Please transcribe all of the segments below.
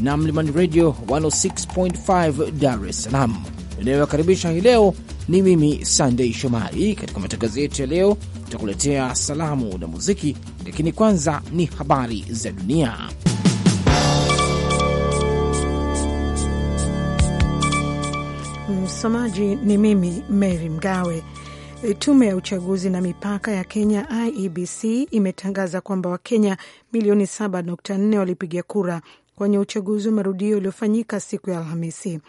na Mlimani Radio 106.5 Dar es Salaam inayowakaribisha hii leo. Ni mimi Sandei Shomari. Katika matangazo yetu ya leo, tutakuletea salamu na muziki, lakini kwanza ni habari za dunia. Msomaji ni mimi Mary Mgawe. Tume ya uchaguzi na mipaka ya Kenya, IEBC, imetangaza kwamba Wakenya milioni 7.4 walipiga kura kwenye uchaguzi wa marudio uliofanyika siku ya Alhamisi.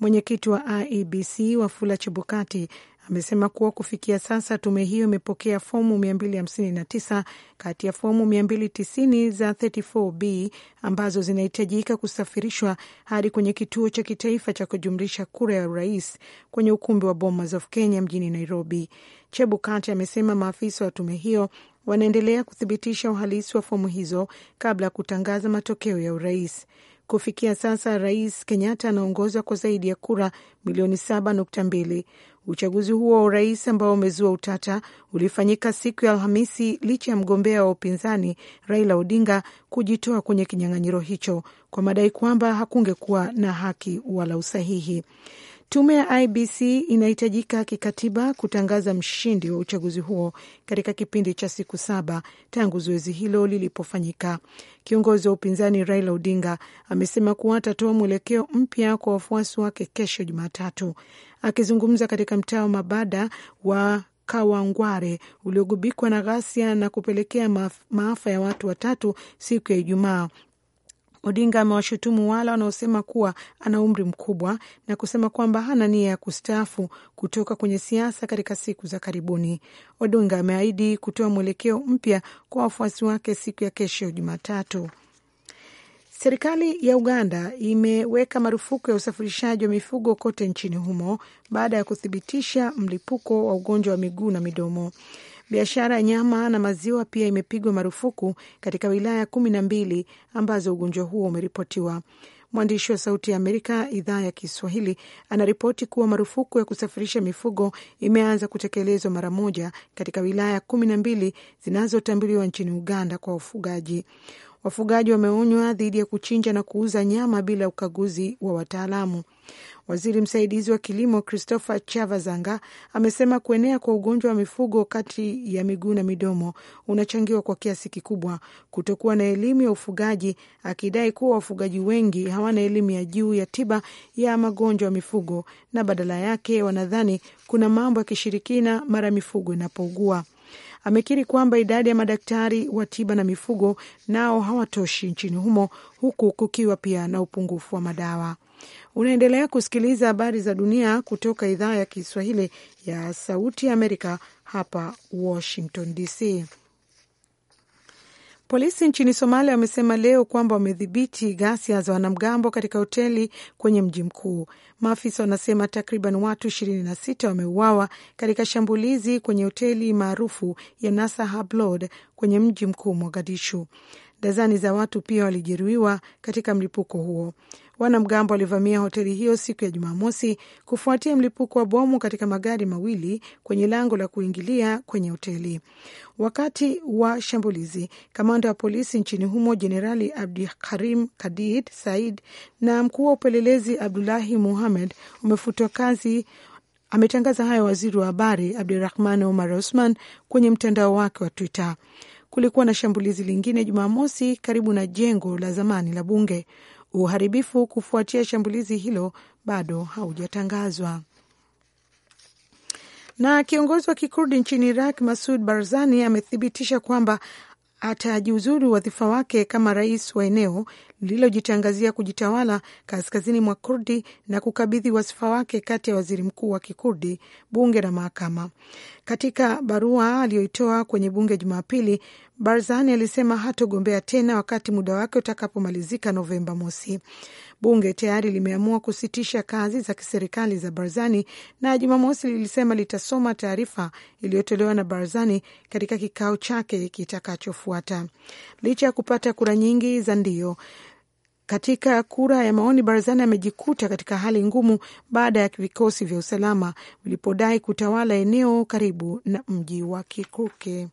Mwenyekiti wa IEBC Wafula Chebukati amesema kuwa kufikia sasa tume hiyo imepokea fomu 259 kati ya fomu 290 za 34B ambazo zinahitajika kusafirishwa hadi kwenye kituo cha kitaifa cha kujumlisha kura ya urais kwenye ukumbi wa Bomas of Kenya mjini Nairobi. Chebukati amesema maafisa wa tume hiyo wanaendelea kuthibitisha uhalisi wa fomu hizo kabla ya kutangaza matokeo ya urais. Kufikia sasa Rais Kenyatta anaongoza kwa zaidi ya kura milioni 7.2. Uchaguzi huo wa urais ambao umezua utata ulifanyika siku ya Alhamisi licha ya mgombea wa upinzani Raila Odinga kujitoa kwenye kinyang'anyiro hicho kwa madai kwamba hakungekuwa na haki wala usahihi. Tume ya IBC inahitajika kikatiba kutangaza mshindi wa uchaguzi huo katika kipindi cha siku saba tangu zoezi hilo lilipofanyika. Kiongozi wa upinzani Raila Odinga amesema kuwa atatoa mwelekeo mpya kwa wafuasi wake kesho Jumatatu, Akizungumza katika mtaa wa mabada wa Kawangware uliogubikwa na ghasia na kupelekea maafa ya watu watatu siku ya Ijumaa, Odinga amewashutumu wale wanaosema kuwa ana umri mkubwa na kusema kwamba hana nia ya kustaafu kutoka kwenye siasa katika siku za karibuni. Odinga ameahidi kutoa mwelekeo mpya kwa wafuasi wake siku ya kesho Jumatatu. Serikali ya Uganda imeweka marufuku ya usafirishaji wa mifugo kote nchini humo baada ya kuthibitisha mlipuko wa ugonjwa wa miguu na midomo. Biashara ya nyama na maziwa pia imepigwa marufuku katika wilaya kumi na mbili ambazo ugonjwa huo umeripotiwa. Mwandishi wa Sauti ya Amerika idhaa ya Kiswahili anaripoti kuwa marufuku ya kusafirisha mifugo imeanza kutekelezwa mara moja katika wilaya kumi na mbili zinazotambuliwa nchini Uganda kwa ufugaji. Wafugaji wameonywa dhidi ya kuchinja na kuuza nyama bila ukaguzi wa wataalamu. Waziri msaidizi wa kilimo Christopher Chavazanga amesema kuenea kwa ugonjwa wa mifugo kati ya miguu na midomo unachangiwa kwa kiasi kikubwa kutokuwa na elimu ya ufugaji, akidai kuwa wafugaji wengi hawana elimu ya juu ya tiba ya magonjwa ya mifugo na badala yake wanadhani kuna mambo ya kishirikina mara mifugo inapougua amekiri kwamba idadi ya madaktari wa tiba na mifugo nao hawatoshi nchini humo huku kukiwa pia na upungufu wa madawa. Unaendelea kusikiliza habari za dunia kutoka idhaa ya Kiswahili ya Sauti ya Amerika hapa Washington DC. Polisi nchini Somalia wamesema leo kwamba wamedhibiti ghasia za wanamgambo katika hoteli kwenye mji mkuu. Maafisa wanasema takriban watu 26 wameuawa katika shambulizi kwenye hoteli maarufu ya Nasa Hablod kwenye mji mkuu Mogadishu. Dazani za watu pia walijeruhiwa katika mlipuko huo. Wanamgambo walivamia hoteli hiyo siku ya Jumamosi kufuatia mlipuko wa bomu katika magari mawili kwenye lango la kuingilia kwenye hoteli. Wakati wa shambulizi, kamanda wa polisi nchini humo Jenerali Abdikarim Kadid Said na mkuu wa upelelezi Abdulahi Muhamed umefutwa kazi. Ametangaza hayo waziri wa habari Abdurahman Omar Osman kwenye mtandao wake wa Twitter. Kulikuwa na shambulizi lingine Jumamosi karibu na jengo la zamani la bunge. Uharibifu kufuatia shambulizi hilo bado haujatangazwa. Na kiongozi wa kikurdi nchini Iraq Masud Barzani amethibitisha kwamba atajiuzuru wadhifa wake kama rais wa eneo lililojitangazia kujitawala kaskazini mwa Kurdi na kukabidhi wasifa wake kati ya waziri mkuu wa Kikurdi, bunge na mahakama. Katika barua aliyoitoa kwenye bunge Jumapili, Barzani alisema hatogombea tena wakati muda wake utakapomalizika Novemba mosi. Bunge tayari limeamua kusitisha kazi za kiserikali za Barzani na Jumamosi lilisema litasoma taarifa iliyotolewa na Barzani katika kikao chake kitakachofuata. Licha ya kupata kura nyingi za ndio, katika kura ya maoni barazani amejikuta katika hali ngumu baada ya vikosi vya usalama vilipodai kutawala eneo karibu na mji wa Kikuke.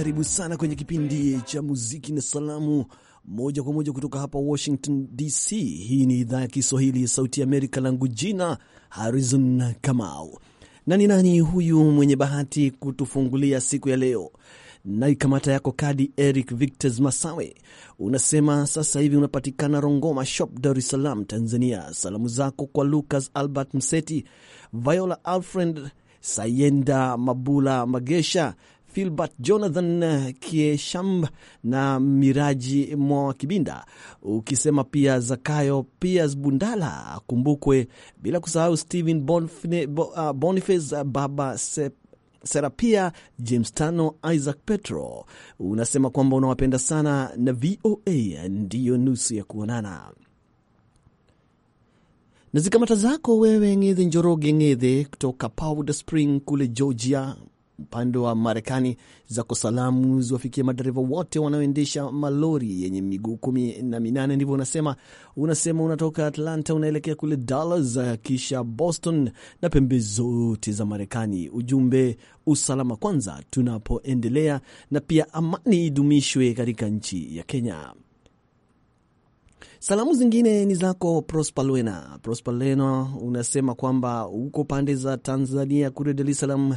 karibu sana kwenye kipindi cha muziki na salamu moja kwa moja kutoka hapa Washington DC. Hii ni idhaa ya Kiswahili ya Sauti ya Amerika, langu jina Harrison Kamau. Nani nani huyu mwenye bahati kutufungulia siku ya leo? Naikamata yako kadi Eric Victes Masawe, unasema sasa hivi unapatikana Rongoma Shop, Dar es Salaam, Tanzania. Salamu zako kwa Lucas Albert Mseti, Viola Alfred Sayenda Mabula Magesha Filbert Jonathan Kieshamb na Miraji Mwa Kibinda, ukisema pia Zakayo Pias Bundala akumbukwe, bila kusahau Stephen uh, Boniface uh, Baba Sep Serapia James Tano, Isaac Petro. Unasema kwamba unawapenda sana na VOA ndiyo nusu ya kuonana na zikamata zako wewe Ngedhe Njoroge Ngedhe kutoka Powder Spring kule Georgia, upande wa Marekani zako salamu ziwafikie madereva wote wanaoendesha malori yenye miguu kumi na minane, ndivyo unasema. Unasema unatoka Atlanta unaelekea kule Dallas, kisha Boston na pembe zote za Marekani. Ujumbe usalama kwanza tunapoendelea, na pia amani idumishwe katika nchi ya Kenya. Salamu zingine ni zako Prosper Lwena. unasema kwamba huko pande za Tanzania kule Dar es Salaam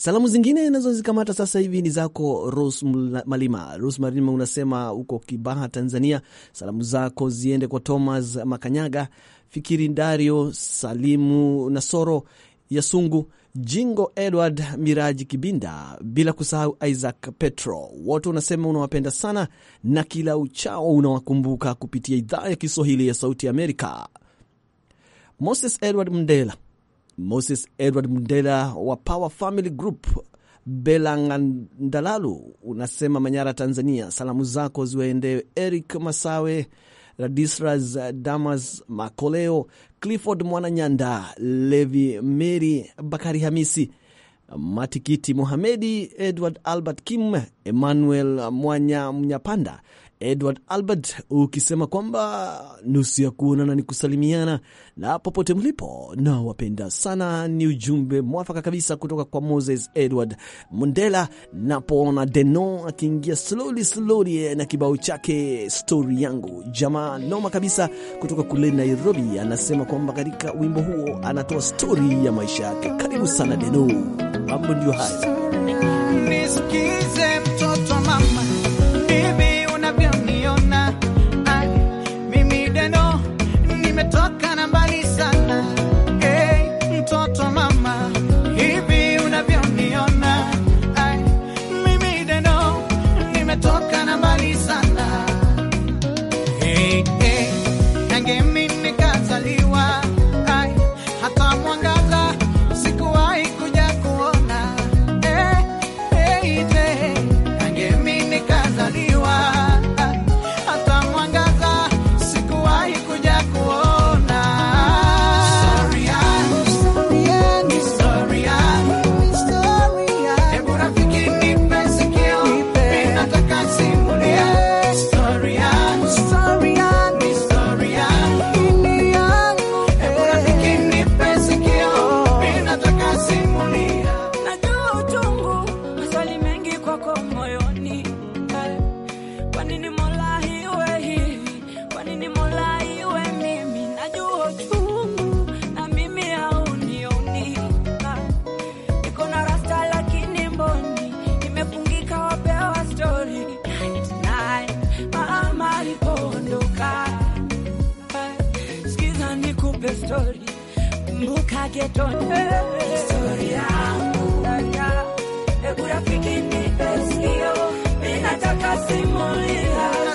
Salamu zingine nazozikamata sasa hivi ni zako Ros Malima. Ros Malima unasema uko Kibaha, Tanzania. Salamu zako ziende kwa Thomas Makanyaga, Fikiri Dario, Salimu Nasoro, Yasungu Jingo, Edward Miraji Kibinda, bila kusahau Isaac Petro. Wote unasema unawapenda sana na kila uchao unawakumbuka kupitia idhaa ya Kiswahili ya Sauti Amerika. Moses Edward Mndela Moses Edward Mndela wa Power Family Group Belangandalalu unasema Manyara, Tanzania. Salamu zako ziwaendee Eric Masawe, Radisras Damas Makoleo, Clifford Mwananyanda, Levi Meri, Bakari Hamisi, Matikiti muhamedi Edward Albert Kim, Emmanuel Mwanya Mnyapanda, Edward Albert ukisema kwamba nusu ya kuonana ni kusalimiana, na popote mlipo nawapenda wapenda sana. Ni ujumbe mwafaka kabisa kutoka kwa Moses Edward Mundela napoona Deno akiingia slowly slowly eh, na kibao chake stori yangu. Jamaa noma kabisa kutoka kule Nairobi, anasema kwamba katika wimbo huo anatoa stori ya maisha yake. Karibu sana Deno, mambo ndio haya. Kumbuka getoni, historia yangu urafiki ni pesa hiyo, mimi nataka simulia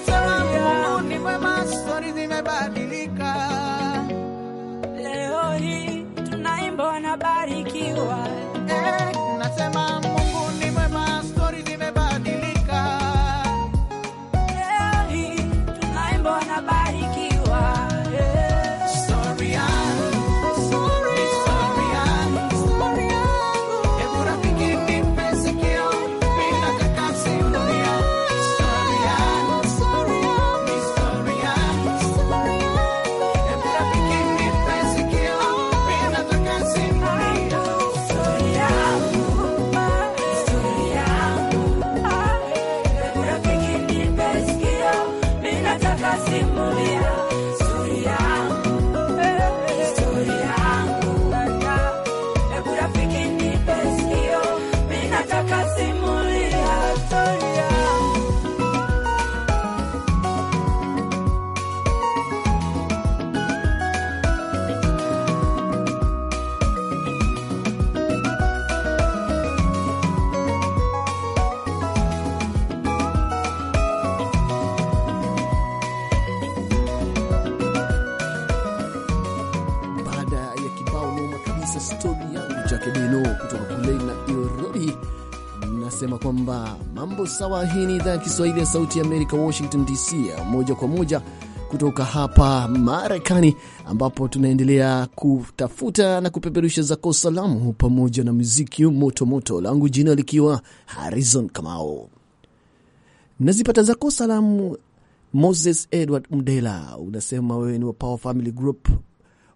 sawa. Hii ni idhaa ya Kiswahili ya Sauti ya Amerika, Washington DC, moja kwa moja kutoka hapa Marekani, ambapo tunaendelea kutafuta na kupeperusha zako salamu pamoja na muziki motomoto, langu jina likiwa Harrison Kamao. Nazipata zako salamu. Moses Edward Mdela, unasema wewe ni wa Power Family Group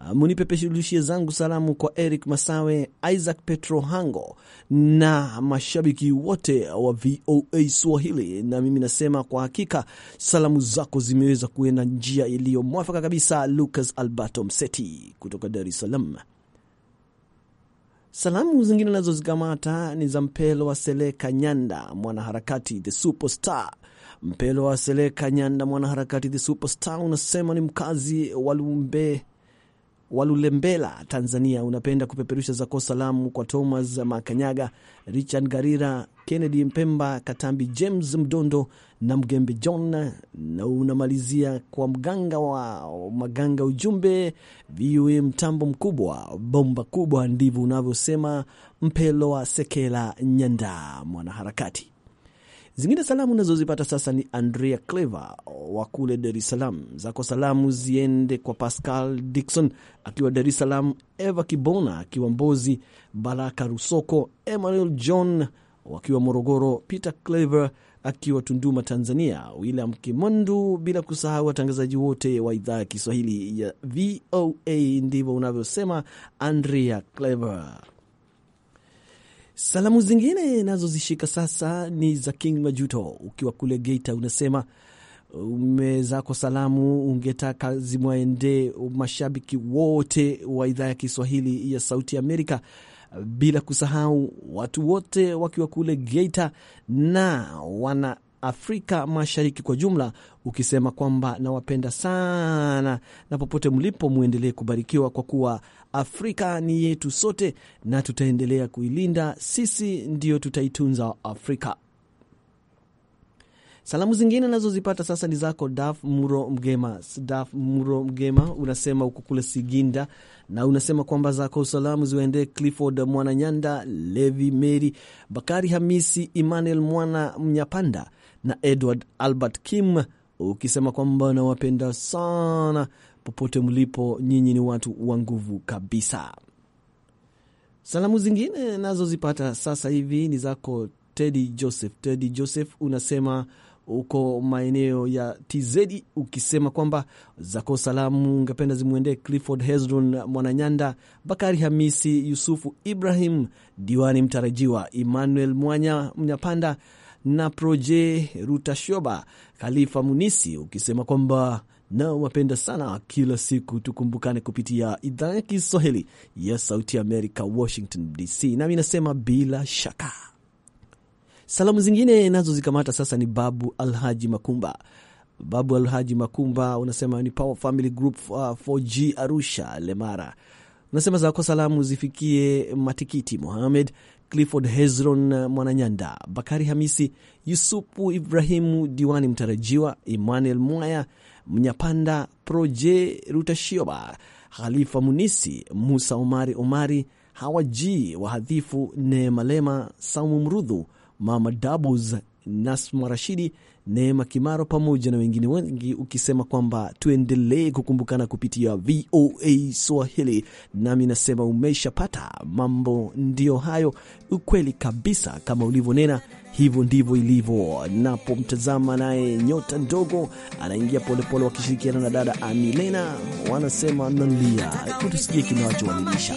Ah, munipepeshurushie zangu salamu kwa Eric Masawe, Isaac Petro Hango na mashabiki wote wa VOA Swahili. Na mimi nasema kwa hakika salamu zako zimeweza kuenda njia iliyomwafaka kabisa. Lucas Alberto Mseti kutoka Dar es Salaam. Salamu zingine nazozikamata ni za Mpelo wa Seleka Nyanda, mwanaharakati the superstar. Mpelo wa Seleka Nyanda, mwanaharakati the superstar, unasema ni mkazi wa Lumbe Walulembela, Tanzania, unapenda kupeperusha zako salamu kwa Thomas Makanyaga, Richard Garira, Kennedy Mpemba Katambi, James Mdondo na Mgembe John, na unamalizia kwa mganga wa Maganga. Ujumbe VOA mtambo mkubwa, bomba kubwa, ndivyo unavyosema Mpelo wa Sekela Nyanda, mwanaharakati Zingine salamu unazozipata sasa ni Andrea Clever wa kule Dar es Salaam. Zako salamu ziende kwa Pascal Dikson akiwa Dar es Salaam, Eva Kibona akiwa Mbozi, Baraka Rusoko, Emmanuel John wakiwa Morogoro, Peter Clever akiwa Tunduma, Tanzania, William Kimondu, bila kusahau watangazaji wote wa idhaa ya Kiswahili ya VOA. Ndivyo unavyosema Andrea Clever. Salamu zingine nazozishika sasa ni za King Majuto, ukiwa kule Geita, unasema umezako salamu ungetaka zimwaendee mashabiki wote wa idhaa ya Kiswahili ya Sauti Amerika, bila kusahau watu wote wakiwa kule Geita na wana Afrika Mashariki kwa jumla, ukisema kwamba nawapenda sana na popote mlipo mwendelee kubarikiwa, kwa kuwa Afrika ni yetu sote na tutaendelea kuilinda. Sisi ndio tutaitunza Afrika. Salamu zingine nazozipata sasa ni zako Daf Muro Mgema. Daf Muro Mgema unasema uko kule Siginda na unasema kwamba zako salamu ziwaendee Clifford Mwananyanda, Levi Meri, Bakari Hamisi, Emmanuel Mwana Mnyapanda, na Edward Albert Kim ukisema kwamba nawapenda sana popote mlipo, nyinyi ni watu wa nguvu kabisa. Salamu zingine nazozipata sasa hivi ni zako Tedi Joseph. Tedi Joseph unasema uko maeneo ya TZ, ukisema kwamba zako salamu ungependa zimwendee Clifford Hezron Mwananyanda, Bakari Hamisi, Yusufu Ibrahim, diwani mtarajiwa Emmanuel Mwanya Mnyapanda, na Proje Rutashoba Khalifa Munisi, ukisema kwamba nao wapenda sana kila siku tukumbukane kupitia idhaa ya Kiswahili ya Sauti ya Amerika, Washington DC. Nami nasema bila shaka salamu zingine nazo zikamata sasa. Ni Babu Alhaji Makumba. Babu Alhaji Makumba unasema ni Power Family Group 4G uh, Arusha Lemara Unasema zako salamu zifikie Matikiti Mohamed, Clifford Hezron Mwananyanda, Bakari Hamisi, Yusupu Ibrahimu, diwani mtarajiwa Emmanuel Mwaya, Mnyapanda Proje Rutashioba, Khalifa Munisi, Musa Omari Omari, Hawaji Wahadhifu, Neemalema, Saumu Mrudhu, Mama Dabus, Nasma Rashidi Neema Kimaro pamoja na wengine wengi, ukisema kwamba tuendelee kukumbukana kupitia VOA Swahili. Nami nasema umeshapata mambo, ndiyo hayo. Ukweli kabisa, kama ulivyonena, hivyo ndivyo ilivyo. Napomtazama naye nyota ndogo anaingia polepole, wakishirikiana na dada Amilena, wanasema nalia, utusikie kinawacho wanilisha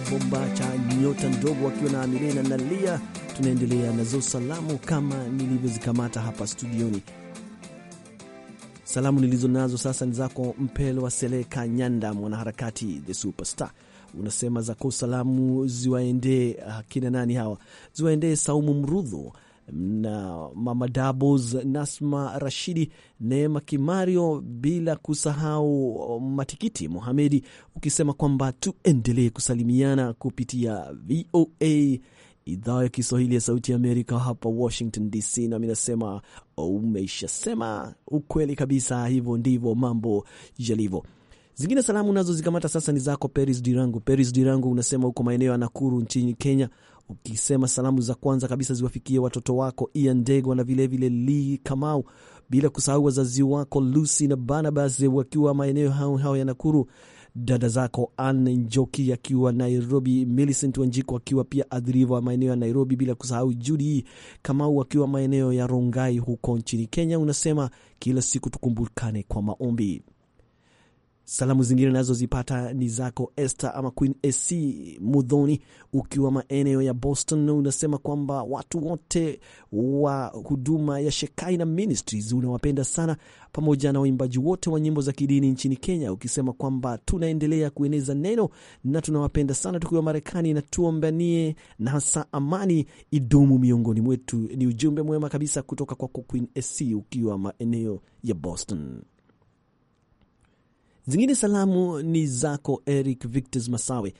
kibao bomba cha nyota ndogo wakiwa na Amilena na Lia. Tunaendelea nazo salamu kama nilivyozikamata hapa studioni. Salamu nilizo nazo sasa ni zako Mpelo wa Seleka Nyanda, mwanaharakati the superstar. Unasema zako salamu ziwaendee akina ah, nani hawa? Ziwaendee Saumu Mrudho, na Mama Dabos, Nasma Rashidi, Neema Kimario, bila kusahau Matikiti Muhamedi, ukisema kwamba tuendelee kusalimiana kupitia VOA idhaa ya Kiswahili ya Sauti ya Amerika hapa Washington DC. Nami nasema umeishasema ukweli kabisa, hivyo ndivyo mambo yalivyo. Zingine salamu nazo zikamata sasa ni zako Peris Dirangu. Peris Dirangu unasema huko maeneo ya Nakuru nchini Kenya, ukisema salamu za kwanza kabisa ziwafikie watoto wako Ian Ndegwa na vilevile Lee Kamau, bila kusahau wazazi wako Lucy na Barnabas wakiwa maeneo hao hao ya Nakuru, dada zako Anne Njoki akiwa Nairobi, Millicent Wanjiko akiwa pia adhiriva wa maeneo ya Nairobi, bila kusahau Judy Kamau akiwa maeneo ya Rongai huko nchini Kenya. Unasema kila siku tukumbukane kwa maombi. Salamu zingine nazozipata ni zako Esther ama Queen AC Mudhoni, ukiwa maeneo ya Boston. Unasema kwamba watu wote wa huduma ya Shekina Ministries unawapenda sana, pamoja na waimbaji wote wa nyimbo za kidini nchini Kenya, ukisema kwamba tunaendelea kueneza neno na tunawapenda sana tukiwa Marekani, na tuombanie na hasa amani idumu miongoni mwetu. Ni ujumbe mwema kabisa kutoka kwako Queen AC ukiwa maeneo ya Boston. Zingine salamu ni zako Eric Victos Masawe.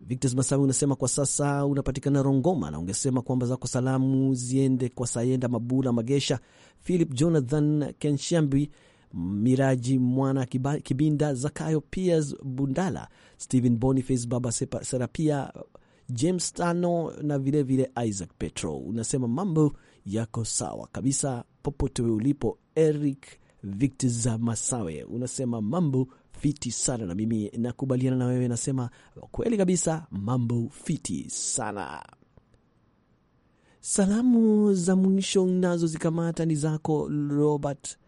Victos Masawe unasema kwa sasa unapatikana Rongoma, na ungesema kwamba zako salamu ziende kwa Sayenda Mabula Magesha, Philip Jonathan Kenshambi, Miraji Mwana Kibinda, Zakayo Piers Bundala, Stephen Boniface, Baba Serapia, James Tano na vilevile vile Isaac Petro. Unasema mambo yako sawa kabisa popote we ulipo. Eric Victos Masawe unasema mambo fiti sana, na mimi nakubaliana na wewe, nasema kweli kabisa, mambo fiti sana. Salamu za mwisho nazo zikamata ni zako Robert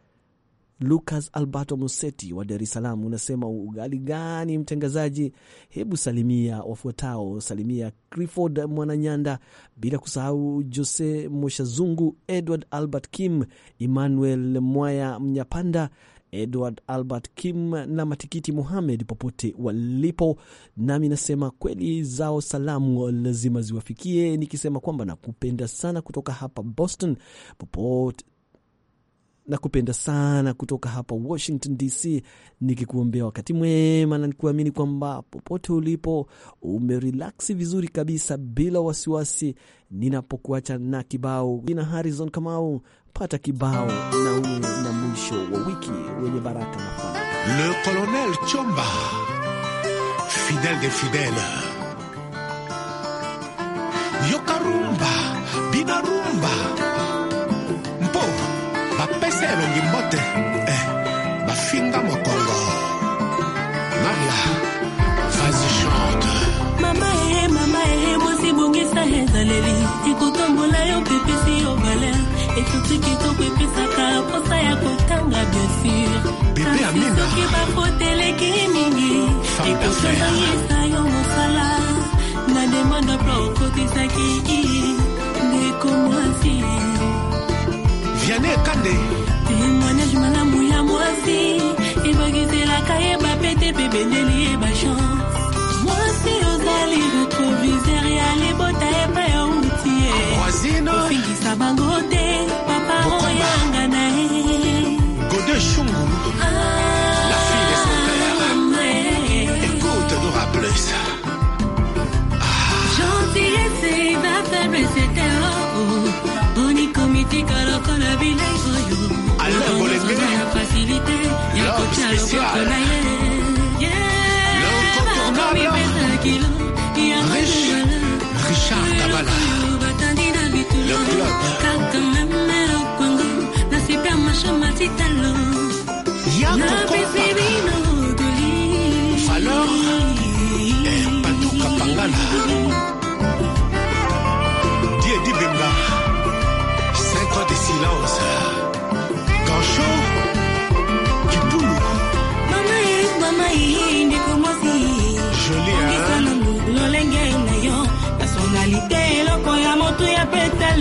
Lucas Alberto Museti wa Dar es Salaam, unasema ugali gani mtangazaji? Hebu salimia wafuatao, salimia Clifford Mwananyanda, bila kusahau Jose Moshazungu, Edward Albert Kim, Emmanuel Mwaya Mnyapanda, Edward Albert Kim na Matikiti Muhamed popote walipo, nami nasema kweli zao salamu lazima ziwafikie, nikisema kwamba nakupenda sana kutoka hapa Boston, popote na kupenda sana kutoka hapa Washington DC, nikikuombea wakati mwema na nikuamini kwamba popote ulipo umerilaksi vizuri kabisa bila wasiwasi, ninapokuacha na kibao. Jina Harrison Kamau, pata kibao na uwe na mwisho wa wiki wenye baraka na Le Colonel Chomba, fidel de fidel yokarumba binarumba se elongi mbote eh, bafinga mokongo maria vazi chante mama ehe mama ehe mwasi bongisa ezaleli ekotambola yo pepesi yo valer esusi kitoko epesaka mposa ya kotanga biosur soki bafoteleki mingi ekosozangisa yo mosala na demande plo okotisaki ndeko mwasi viane kande mwasi ebakiselaka ye bapete mpe bendeli ye bachance mwasi ozali retroviser ya libota epai outi ye ofingisa bango te ekoki na loboko na ye makomi pesa kilo yangoyo batandi na bitulu kaka meme lokwango na super marché matitalo napesi bino odoli valeur patuka pangana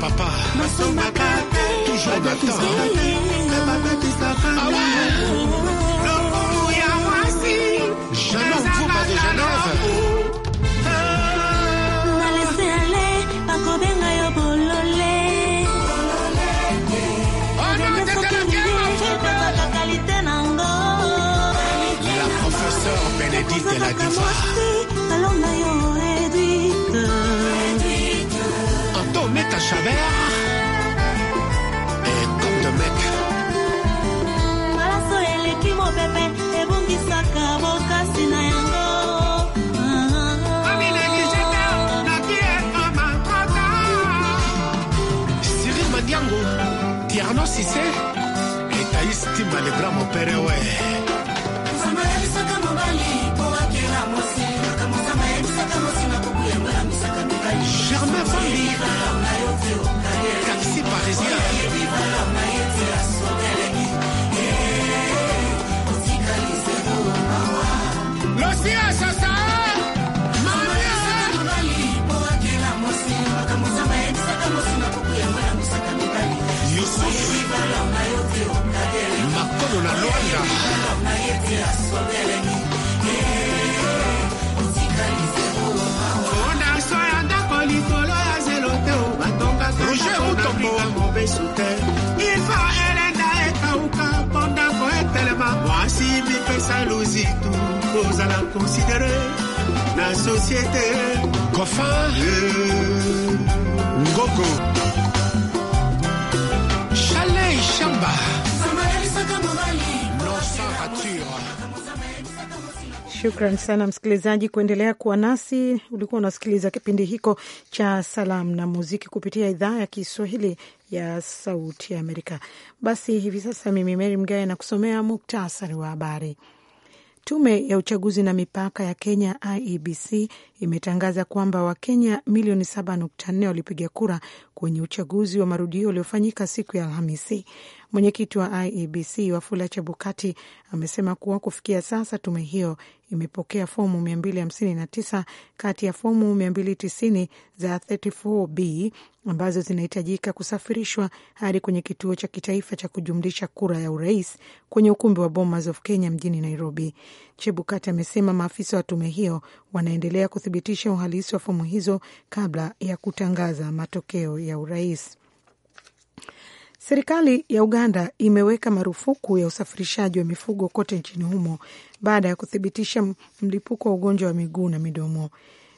papa nasombaka te toujours natan Jamais on vous pas de Genève. La professeure Bénédicte la diva. Chabert et comme de mec. Ah. Cyril Madiango, Tierno Sissé et Thaïs Timba, le grand-père, ouais. kwanza fondaso ya ndako likolo ya zelo te o batongakaafrika mobesu te ifa elenda ekauka mpo ndako etelema mwasi mipesa luzitu kozala konsidere na sosiete kofa eh. ngoko Shukran sana msikilizaji kuendelea kuwa nasi. Ulikuwa unasikiliza kipindi hiko cha salamu na muziki kupitia idhaa ya Kiswahili ya Sauti ya Amerika. Basi hivi sasa mimi Meri Mgae nakusomea muktasari wa habari. Tume ya uchaguzi na mipaka ya Kenya IEBC imetangaza kwamba Wakenya milioni 7.4 walipiga kura kwenye uchaguzi wa marudio uliofanyika siku ya Alhamisi. Mwenyekiti wa IEBC Wafula Chebukati amesema kuwa kufikia sasa tume hiyo imepokea fomu 259 kati ya fomu 290 za 34B ambazo zinahitajika kusafirishwa hadi kwenye kituo cha kitaifa cha kujumlisha kura ya urais kwenye ukumbi wa Bomas of Kenya mjini Nairobi. Chebukati amesema maafisa wa tume hiyo wanaendelea kuthibitisha uhalisi wa fomu hizo kabla ya kutangaza matokeo ya urais. Serikali ya Uganda imeweka marufuku ya usafirishaji wa mifugo kote nchini humo baada ya kuthibitisha mlipuko wa ugonjwa wa miguu na midomo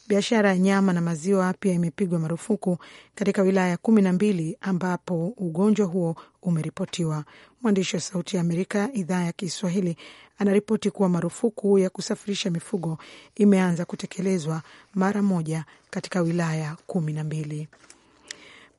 biashara ya nyama na maziwa pia imepigwa marufuku katika wilaya kumi na mbili ambapo ugonjwa huo umeripotiwa. Mwandishi wa Sauti ya Amerika idhaa ya Kiswahili anaripoti kuwa marufuku ya kusafirisha mifugo imeanza kutekelezwa mara moja katika wilaya kumi na mbili.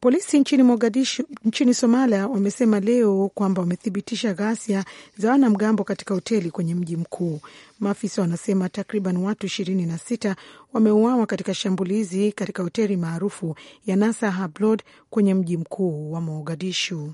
Polisi nchini Mogadishu nchini Somalia wamesema leo kwamba wamethibitisha ghasia za wanamgambo katika hoteli kwenye mji mkuu. Maafisa wanasema takriban watu ishirini na sita wameuawa katika shambulizi katika hoteli maarufu ya Nasa Hablod kwenye mji mkuu wa Mogadishu.